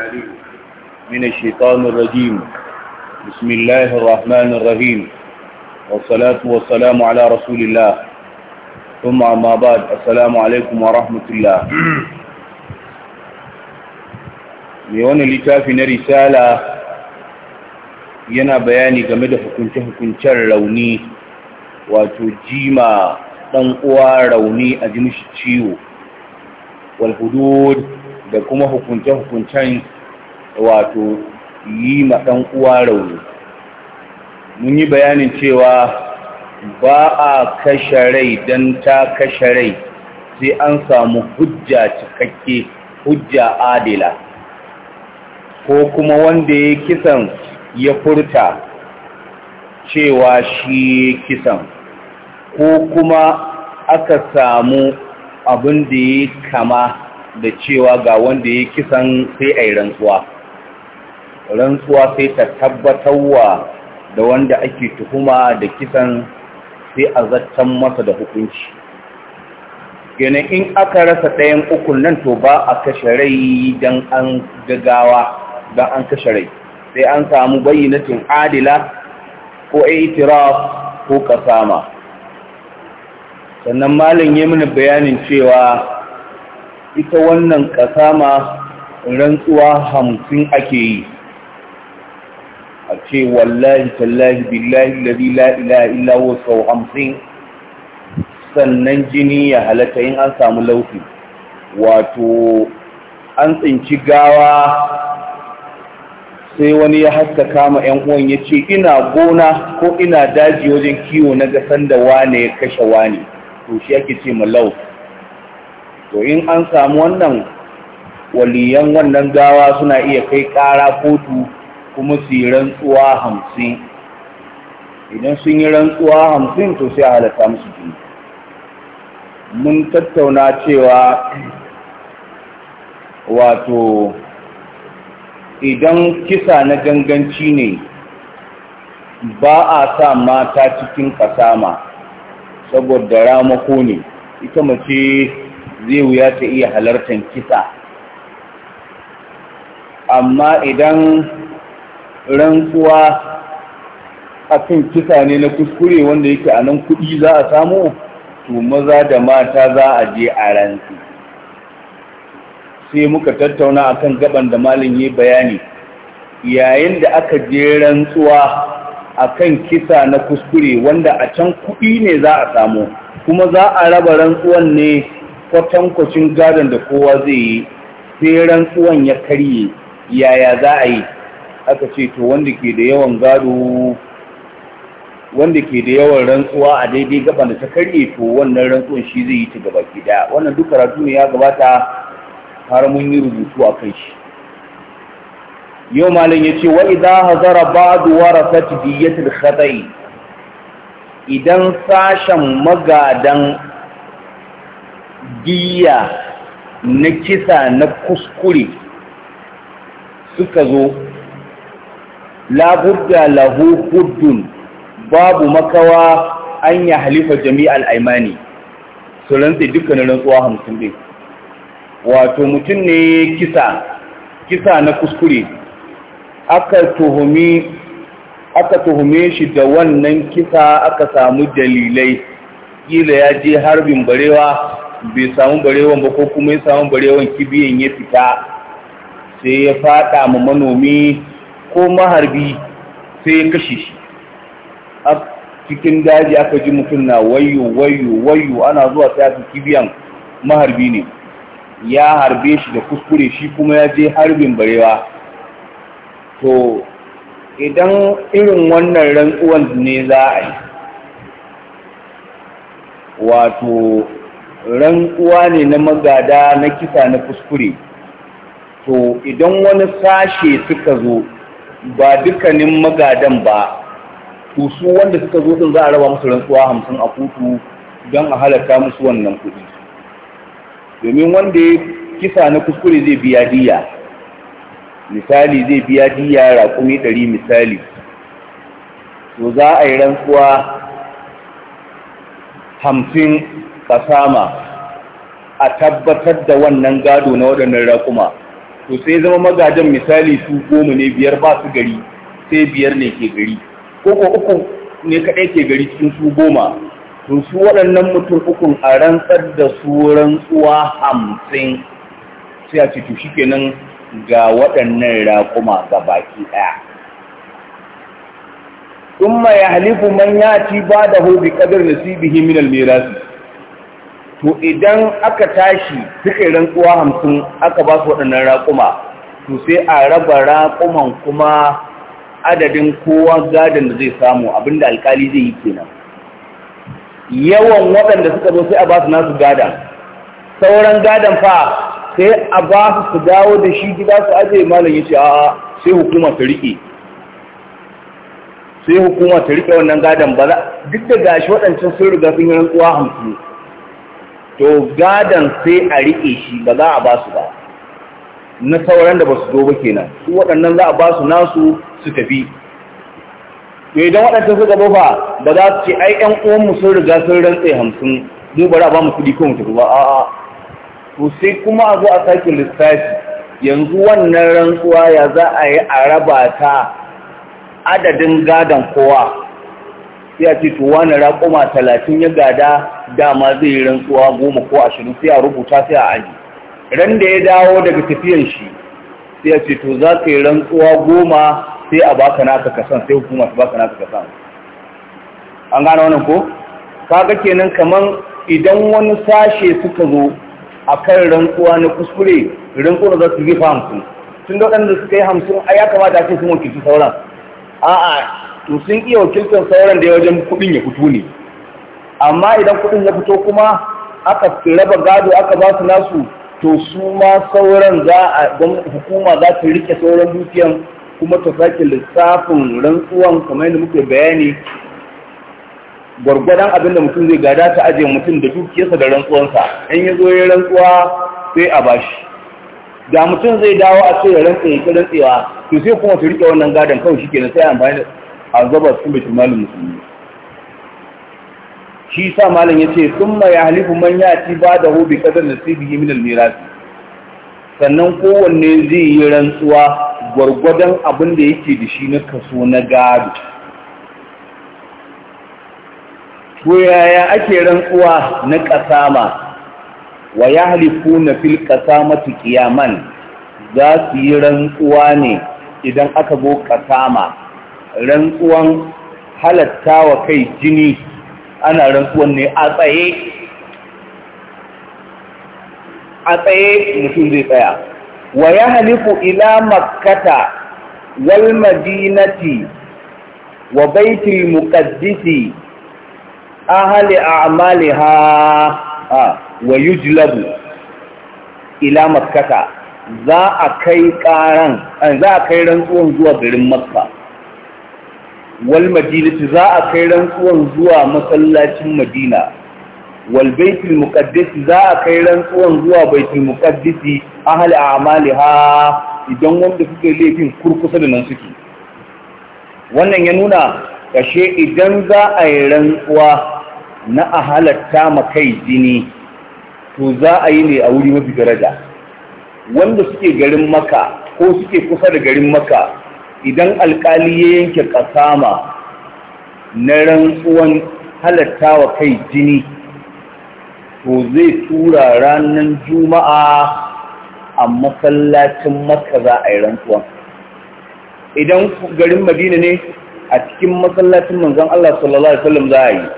العليم من الشيطان الرجيم بسم الله الرحمن الرحيم والصلاة والسلام على رسول الله ثم أما بعد السلام عليكم ورحمة الله ليون لتافي رسالة ينا بياني كمدة حكمت حكمت الروني وتجيما تنقوى روني أجمش تشيو والحدود da kuma hukunce-hukuncen wato yi ma ɗan uwa rauni mun yi bayanin cewa ba a kashe rai don ta kashe rai sai an samu hujja cikakke hujja adila ko kuma wanda ya kisan ya furta cewa shi kisan ko kuma aka samu abin da ya kama da cewa ga wanda ya kisan sai a yi rantsuwa rantsuwa sai ta tabbatarwa da wanda ake tuhuma da kisan sai a zartan masa da hukunci kenan in aka rasa ɗayan ukun nan to ba a kashe rai don an gagawa don an kashe rai sai an samu bayyanatin adila ko itiraf ko kasama sannan malin yi mini bayanin cewa ita wannan kasama rantsuwa hamsin ake yi a ce wallahi tallahi billahi lalli la illa wasu sau hamsin sannan jini ya halatta in an samu laufi wato an tsinci gawa sai wani ya haska kama yan uwan ya ce ina gona ko ina daji wajen kiwo na gasan da wane ya kashe wane to shi ake ce ma laufi to in an samu wannan waliyan wannan gawa suna iya kai ƙara kotu kuma su yi rantsuwa hamsin idan sun yi rantsuwa hamsin to sai a halatta musu jini mun tattauna cewa wato idan kisa na ganganci ne ba a sa mata cikin kasama saboda ramako ne ita mace zai wuya ta iya halartar kisa amma idan rantsuwa akan kisa ne na kuskure wanda yake a nan kuɗi za a samu to maza da mata za a je a rantsu. sai muka tattauna akan gaban da malin yi bayani yayin da aka je rantsuwa akan kisa na kuskure wanda a can kuɗi ne za a samu kuma za a raba rantsuwan ne kwatankwacin gadon da kowa zai yi sai rantsuwan ya karye yaya za a yi aka ce to wanda ke da yawan gado wanda ke da yawan rantsuwa a daidai gaban da ta karye to wannan rantsuwan shi zai yi ta gaba ke daya wannan duk karatu ne ya gabata har mun yi rubutu a kan shi yau malam ya ce wa idan hazara ba'du warasat diyatul khata'i idan sashen magadan diya na kisa na kuskure suka zo labudda lahu huddun babu makawa an halifa jami'al aimani su dukkanin rantsuwa hamsin din wato mutum ne kisa kisa na kuskure aka tuhumi aka tuhume shi da wannan kisa aka samu dalilai kila ya je harbin barewa bai samu barewan ba ko kuma ya samu barewan kibiyan ya fita sai ya fada ma manomi ko maharbi sai ya kashe shi a cikin daji aka ji mutum na wayo wayo wayo ana zuwa sai aka kibiyan maharbi ne ya harbe shi da kuskure shi kuma ya je harbin barewa to idan irin wannan rantsuwan ne za a yi wato rantsuwa ne na magada na kisa na kuskure to idan wani sashe suka zo ba dukkanin magadan ba to su wanda suka zo din za a raba musu rantsuwa hamsin a kutu don a halatta musu wannan kuɗi domin wanda ya kisa na kuskure zai biya diya misali zai biya diya raƙumi ɗari misali to za a yi rantsuwa hamsin fasama a tabbatar da wannan gado na waɗannan raƙuma to sai zama magajin misali su goma ne biyar ba su gari sai biyar ne ke gari ko ko uku ne kaɗai ke gari cikin su goma to su waɗannan mutum ukun a rantsar da su rantsuwa hamsin sai a ce to shi kenan ga waɗannan raƙuma ga baki ɗaya ثم يحلف من ياتي بعده بقدر نصيبه من الميراث to idan aka tashi suka yi rantsuwa hamsin aka ba su waɗannan raƙuma to sai a raba raƙuman kuma adadin kowa gadon da zai samu abinda alkali zai yi kenan yawan waɗanda suka zo sai a ba su nasu gadon sauran gadon fa sai a ba su su dawo da shi gida su aje malam ya ce a sai hukuma ta riƙe sai hukuma ta riƙe wannan gadon ba duk da gashi waɗancan sun riga sun yi rantsuwa hamsin to gadan sai a riƙe shi ba za a ba su ba na sauran da ba su zo ba kenan su waɗannan za a ba su nasu su tafi to idan waɗanda suka zo ba ba za su ce ai ƴan uwanmu sun riga sun rantse hamsin mu bari a ba mu kuɗi ko mu tafi ba a to sai kuma a zo a sake lissafi yanzu wannan rantsuwa ya za a yi a raba ta adadin gadon kowa sai a ce to wani raƙuma talatin ya gada dama zai yi rantsuwa goma ko ashirin sai a rubuta sai a aji ran da ya dawo daga tafiyan shi sai a ce to za ka yi rantsuwa goma sai a baka naka kasan sai hukuma ta baka naka kasan an gane wannan ko kaga kenan kaman idan wani sashe suka zo a kan rantsuwa na kuskure rantsuwa za su yi fahimtu tun da waɗanda suka yi hamsin a ya kamata a ce sun wakilci sauran a'a to sun iya wakiltar sauran da ya wajen kuɗin ya fito ne amma idan kuɗin ya fito kuma aka raba gado aka ba su nasu to su ma sauran za a hukuma za ta rike sauran dukiyan kuma ta sake lissafin rantsuwan kamar yadda muke bayani gwargwadon abin da mutum zai gada ta ajiye mutum da dukiyarsa da rantsuwansa in ya zo ya rantsuwa sai a bashi da mutum zai dawo a ce ya rantsa ya rantsewa to sai kuma su rike wannan gadon kawai shi kenan sai amfani a su bai baitul musulmi shi sa malam sun mai halifu man yati ba'dahu bi da nasibihi min al-miras sannan kowanne zai yi rantsuwa gwargwadon abin da yake da shi na kaso na gado to yaya ake rantsuwa na kasama wa na fil ta kiyaman za su yi rantsuwa ne idan aka go kasama rantsuwan halatta wa kai jini ana rantsuwan ne a tsaye a tsaye mutum zai tsaya wa ya halifu ila makkata wal madinati wa baitul muqaddisi ahli a'maliha wa yujlabu ila makkata za a kai karan za a kai rantsuwan zuwa garin makka wal madinati za a kai rantsuwan zuwa masallacin madina wal baitul muqaddas za a kai rantsuwan zuwa baitul muqaddas ahli a'maliha idan wanda suke laifin kurkusa da nan suke wannan ya nuna kashe idan za a yi rantsuwa na a halatta makai jini to za a yi ne a wuri mafi daraja wanda suke garin maka ko suke kusa da garin maka idan alkali ya yanke kasama na rantsuwan halattawa kai jini to zai tura ranar juma'a a masallacin maka za a yi rantsuwan idan garin madina ne a cikin masallacin manzan Allah sallallahu Alaihi wasallam za a yi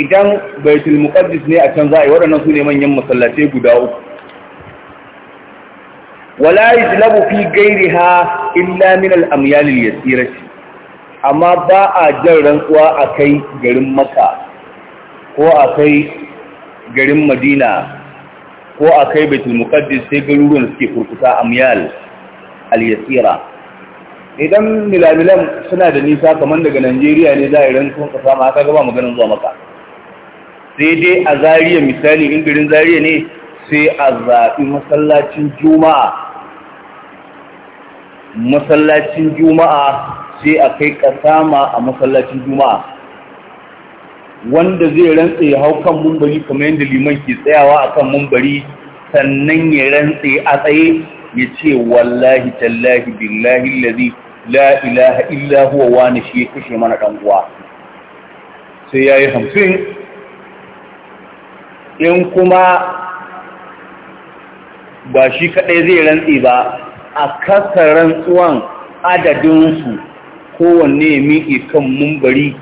idan baitul muqaddis ne a can za a yi waɗannan su ne manyan masallacai guda uku wala yajlabu fi gairiha illa min al'amyalil yasirati amma ba a jan rantsuwa a kai garin maka ko a kai garin madina ko a kai baitul muqaddis sai garuruwan suke furkuta amyal al-yasira idan milamilan suna da nisa kamar daga Najeriya ne za a yi rantsuwan kasa ma aka gaba maganin zuwa maka sai dai a zariya misali in garin zariya ne sai a zaɓi masallacin juma'a masallacin juma'a sai a kai kasama a masallacin juma'a wanda zai rantse ya hau kan mumbari kamar yadda liman ke tsayawa a kan mumbari sannan ya rantse a tsaye ya ce wallahi tallahi billahi lazi la ilaha huwa wani shi ya kashe mana ɗan uwa sai ya yi hamsin in kuma ba shi kaɗai zai rantse ba a kasa rantsuwan adadinsu kowanne ya miƙe kan mumbari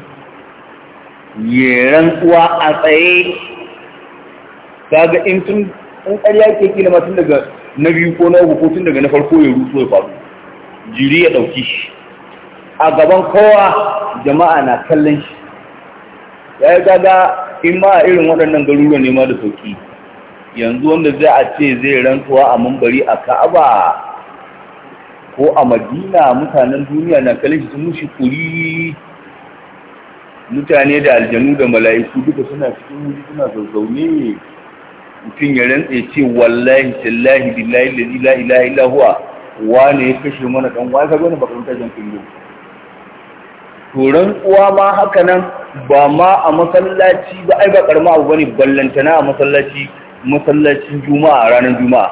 ya rantsuwa a tsaye daga in tun ƙarya ke kila tun daga na biyu ko na ko tun daga na farko ya rusu ya faru jiri ya ɗauki shi a gaban kowa jama'a na kallon shi ya yi gaga in ma a irin waɗannan garuruwan nema da sauki yanzu wanda zai a ce zai rantsuwa a mambari a ka'aba ko a madina mutanen duniya na kalin shi mushi kuri mutane da aljanu da mala'iku duka suna cikin wuri suna zazzaune mutum ya rantse ce wallahi tallahi billahi la ilaha illa huwa ne ya kashe mana dan wani kaga wani bakon tajan kullu to rantsuwa ma haka nan ba ma a masallaci ba ai ba karma abu bane ballantana a masallaci masallacin juma'a ranar juma'a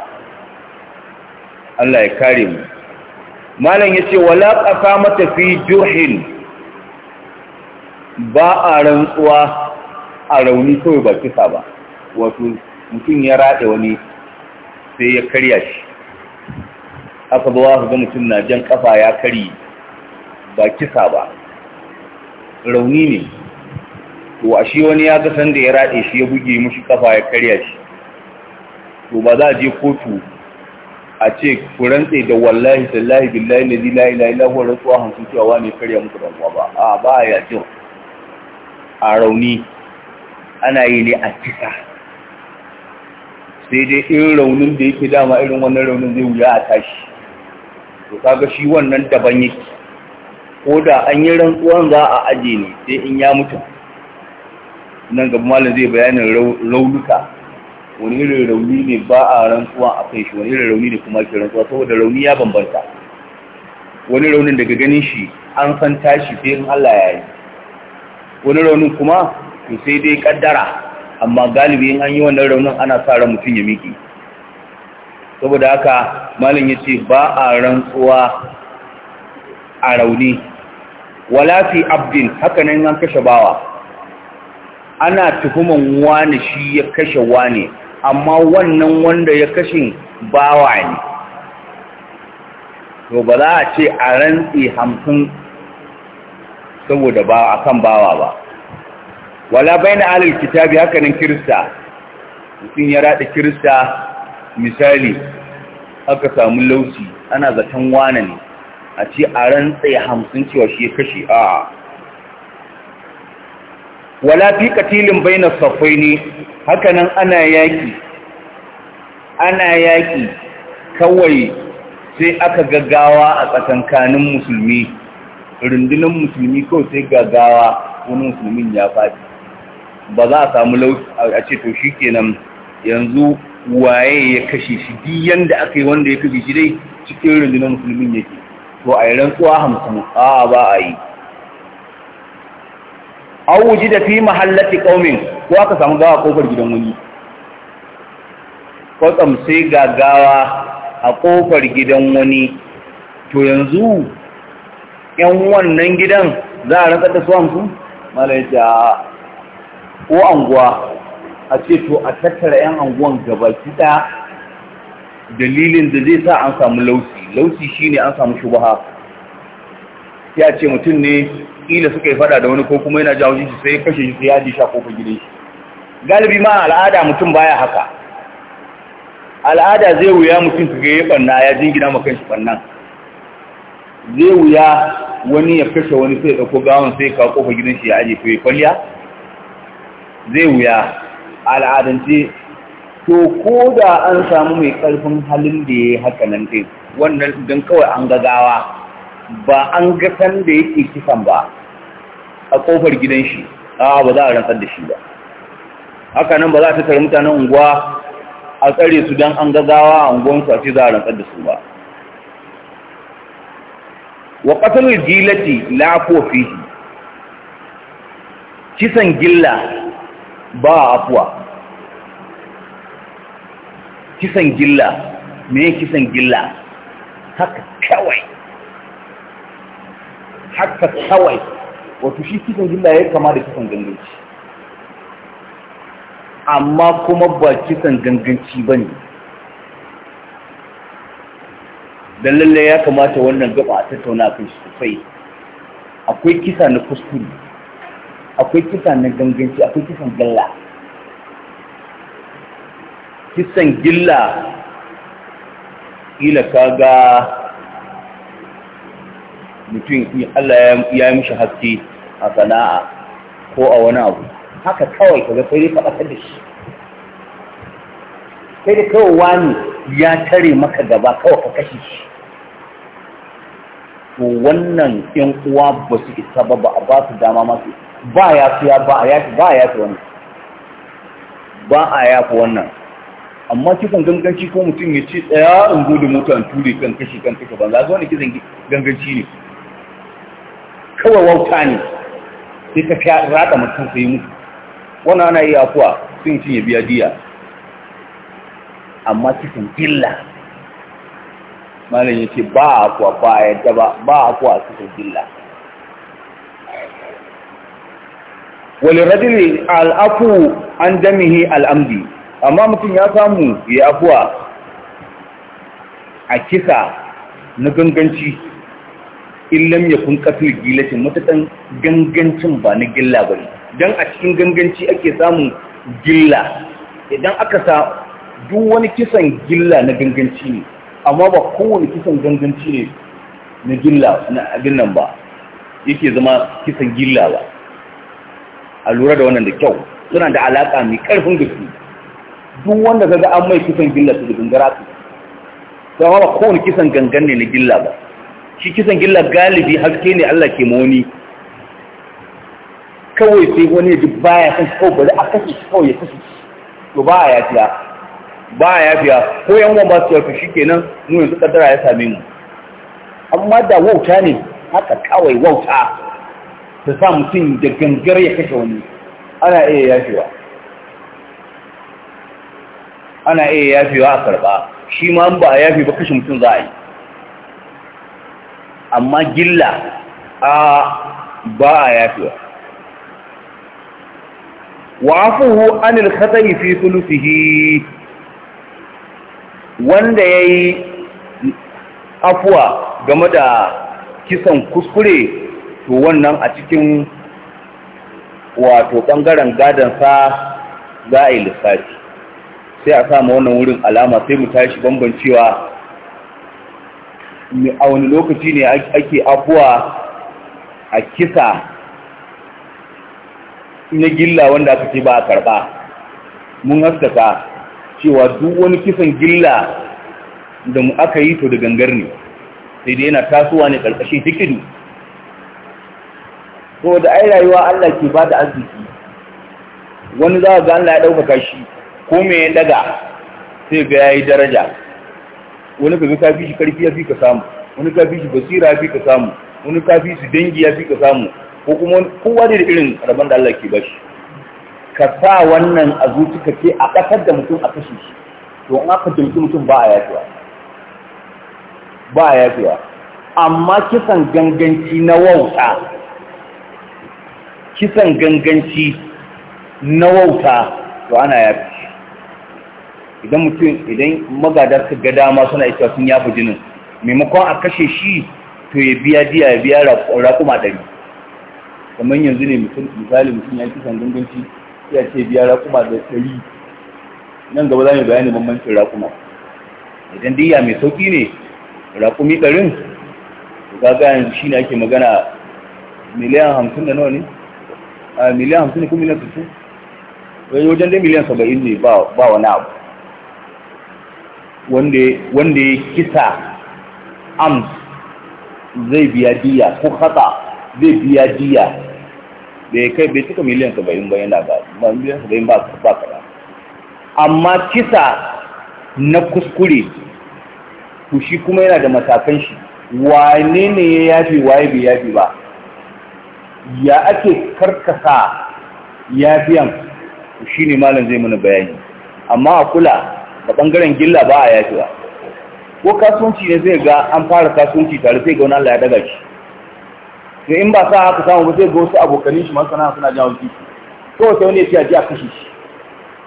Allah ya kare mu malam ya ce wala ƙasa mata fi jurhin ba a rantsuwa a rauni kawai ba kisa ba wato mutum ya raɗe wani sai ya karya shi aka zuwa su ga mutum na jan ƙafa ya kari ba kisa ba rauni ne to a shi wani ya ga sanda ya raɗe shi ya buge mushi ƙafa ya karya shi to ba za a je kotu a ce ku rantse da wallahi sallahi billahi lazi la ilaha illa huwa rasuwa hansu cewa ne karya muku da ba a ba ya jin a rauni ana yi ne a cika. sai dai irin raunin da yake dama irin wannan raunin zai wuya a tashi to kaga shi wannan daban yake ko da an yi rantsuwan za a aje ne sai in ya mutu nan gaba malam zai bayanin raunuka wani irin rauni ne ba a rantsuwa a kai shi wani irin rauni ne kuma ke rantsuwa saboda rauni ya bambanta wani raunin daga ganin shi an san tashi sai in Allah ya yi wani raunin kuma to sai dai kaddara amma galibi in an yi wannan raunin ana sa ran mutum ya miki saboda haka malam ya ce ba a rantsuwa a rauni wala fi abdin haka nan an kashe bawa ana tuhuman wani shi ya kashe wani amma wannan wanda ya kashin bawa ne to ba za a ce a rantsi hamsin saboda ba a kan bawa ba wala bai na alil kitabi hakanin kirista mutum ya raɗa kirista misali aka samu lausi ana zaton wane ne a ce a rantsi hamsin cewa shi ya kashe a wala fi katilin bainas safaini hakanan ana yaki ana yaki kawai sai aka gaggawa a tsakankanin musulmi rundunar musulmi kawai sai gaggawa wani musulmin ya faɗi ba za a samu lauki a ce to shi kenan yanzu waye ya kashe shi di yanda aka yi wanda ya kashe shi dai cikin rundunar musulmin yake to a yi rantsuwa hamsin a ba a yi aw da fi mahallati ƙaumin ko aka samu gawa ƙofar gidan wani ko sai gagawa a ƙofar gidan wani to yanzu yan wannan gidan za a rantsar da su hamsu malai ko anguwa a ce to a tattara yan anguwan gabaki ta dalilin da zai sa an samu lausi lausi shine an samu shubaha ya ce mutum ne kila suka yi fada da wani ko kuma yana jawo shi sai kashe shi sai ya ji sha kofar gidan shi galibi ma al'ada mutum baya haka al'ada zai wuya mutum su ga ya banna ya jingina ma shi bannan zai wuya wani ya kashe wani sai ya dauko gawon sai ka kawo gidan shi ya aje to ya kwalliya zai wuya al'adance to ko da an samu mai karfin halin da ya yi haka nan din wannan don kawai an gagawa ba an ga san da yake kisan ba a kofar gidan shi a ba za a rantsar da shi ba haka nan ba za ta tare mutanen unguwa a tsare su don an gazawa a unguwansu a ce za a rantsar da su ba wa ƙasar jilati lafofi kisan gilla ba a afuwa kisan gilla me kisan gilla haka kawai haka kawai wato shi kisan gilla ya kama da kisan ganganci amma kuma ba kisan ganganci ba ne da lalle ya kamata wannan gaba a tattauna kan shi sosai akwai kisa na kuskure akwai kisa na ganganci akwai kisan gilla kisan gilla ila kaga mutum Allah ya mishi haske a sana'a ko a wani abu haka kawai kaga sai dai faɗaƙar da shi sai da kawai wani ya tare maka gaba kawai ka kashe shi to wannan ƴan uwa ba su isa ba ba a ba su dama masu ba ya fi ya ba a ya ba ya fi wannan ba a ya fi wannan amma kisan ganganci ko mutum ya ce tsaya in gudu mutu an ture kan kashi kan kashi ba za su wani kisan ganganci ne kawai wauta ne sai ka fi rata mutum sai mutu Wani ana iya afuwa sun cinye biya diya amma cikin illa malam yake ba a kuwa ba a yadda ba ba a kuwa cikin illa wani radili al'afu an damihi al'amdi amma mutum ya samu ya afuwa a kisa na ganganci illam ya kun katul gilashin matakan gangancin ba na gilla ba don a cikin ganganci ake samun gilla idan aka sa duk wani kisan gilla na ganganci ne amma ba kowane kisan ganganci ne na gilla na abin nan ba yake zama kisan gilla ba a lura da wannan da kyau suna da alaƙa mai ƙarfin gaske duk wanda zaga an mai kisan gilla su da gangara su ba kowane kisan gangan ne na gilla ba shi kisan gilla galibi haske ne Allah ke moni kawai sai wani ya ji baya san kawai bari a kashe shi kawai ya kashe shi to ba a yafiya ba a yafiya ko yan uwan ba su yafi shi kenan mu yanzu kaddara ya same mu amma da wauta ne haka kawai wauta ta sa mutum da gangar ya kashe wani ana iya yafewa ana iya yafewa a karba shi ma ba a yafe ba kashe mutum za a yi amma gilla a ba a yafiwa wa afuhu anil khata'i fi thuluthihi wanda yayi afuwa game da kisan kuskure to wannan a cikin wato ɓangaren gadan sa za a yi lissafi sai a samu wannan wurin alama sai mu tashi bambancewa a wani lokaci ne ake afuwa a kisa na gilla wanda aka ce ba a karba mun haskaka cewa duk wani kisan gilla da mu aka yi to da gangar ne sai dai yana tasowa ne karkashin hikidu so da ai rayuwa Allah ke ba arziki wani za ga Allah ya ɗaukaka shi ko me ya daga sai ga yayi daraja wani kaga ka fi shi karfi ya fi ka samu wani ka fi shi basira ya fi ka samu wani ka fi shi dangi ya fi ka samu ko kuma kowa da irin rabon da Allah ke bashi ka sa wannan a zuciya ke a kasar da mutum a kashe shi to in aka tuntu mutum ba a yafewa ba a yafewa amma kisan ganganci na wauta kisan ganganci na wauta to ana yafi idan mutum idan magadar ka ga dama suna cewa sun yafi jinin maimakon a kashe shi to ya biya diya ya biya raƙuma ɗari kamar yanzu ne misali mutum ya kisan ganganci ya ce biya raƙuma da ɗari nan gaba za mu bayani bambancin raƙuma idan diya mai sauƙi ne raƙumi ɗarin ga kaga yanzu shi ne ake magana miliyan hamsin da nawa ne a miliyan hamsin ne kuma miliyan sittin wajen dai miliyan saba'in ne ba wani abu wanda ya kisa am zai biya diya ko hata zai biya diya da ya kai bai cika miliyan saba'in bayan da ba miliyan saba'in ba ba kaɗa amma kisa na kuskure to shi kuma yana da matakan shi wane ne ya yafi waye bai yafi ba ya ake karkasa yafiyan shi ne malam zai mana bayani amma a kula da bangaren gilla ba a yafewa ko kasuwanci ne zai ga an fara kasuwanci tare sai ga wani Allah ya daga shi sai in ba sa haka samu ba zai ga wasu abokanin shi masana suna jawo titi ko sai wani ya ji a kashe shi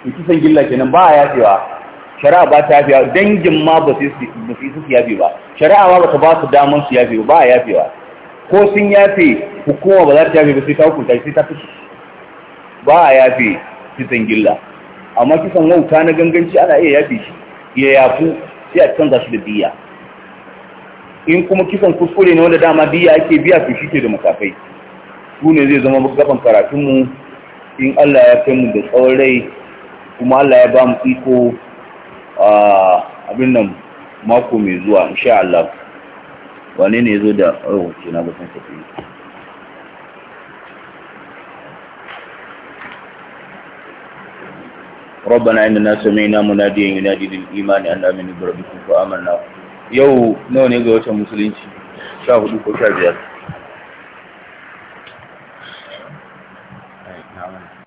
to kisan gilla kenan ba a yafewa shari'a ba ta yafewa dangin ma ba su yi su yafe ba shari'a ma ba ta ba su daman su yafe ba a yafewa ko sun yafe hukuma ba za ta yafe ba sai ta hukunta sai ta kashe ba a yafe kisan gilla amma kisan wauta na ganganci ana iya yafi shi ya yafu sai a canza shi da biya in kuma kisan kuskure ne wanda dama biya ake biya to shi ke da makafai Sune zai zama gaban karatunmu in Allah ya kai mu da tsawon rai kuma Allah ya ba mu iko a abin nan mako mai zuwa insha Allah wane ne ya zo da rahoto na ga tafiya ربنا إننا سمعنا مناديا ينادي للايمان ان امنوا بربكم فآمنا يو نوني قوة مسلمين شاهدوا كشاجر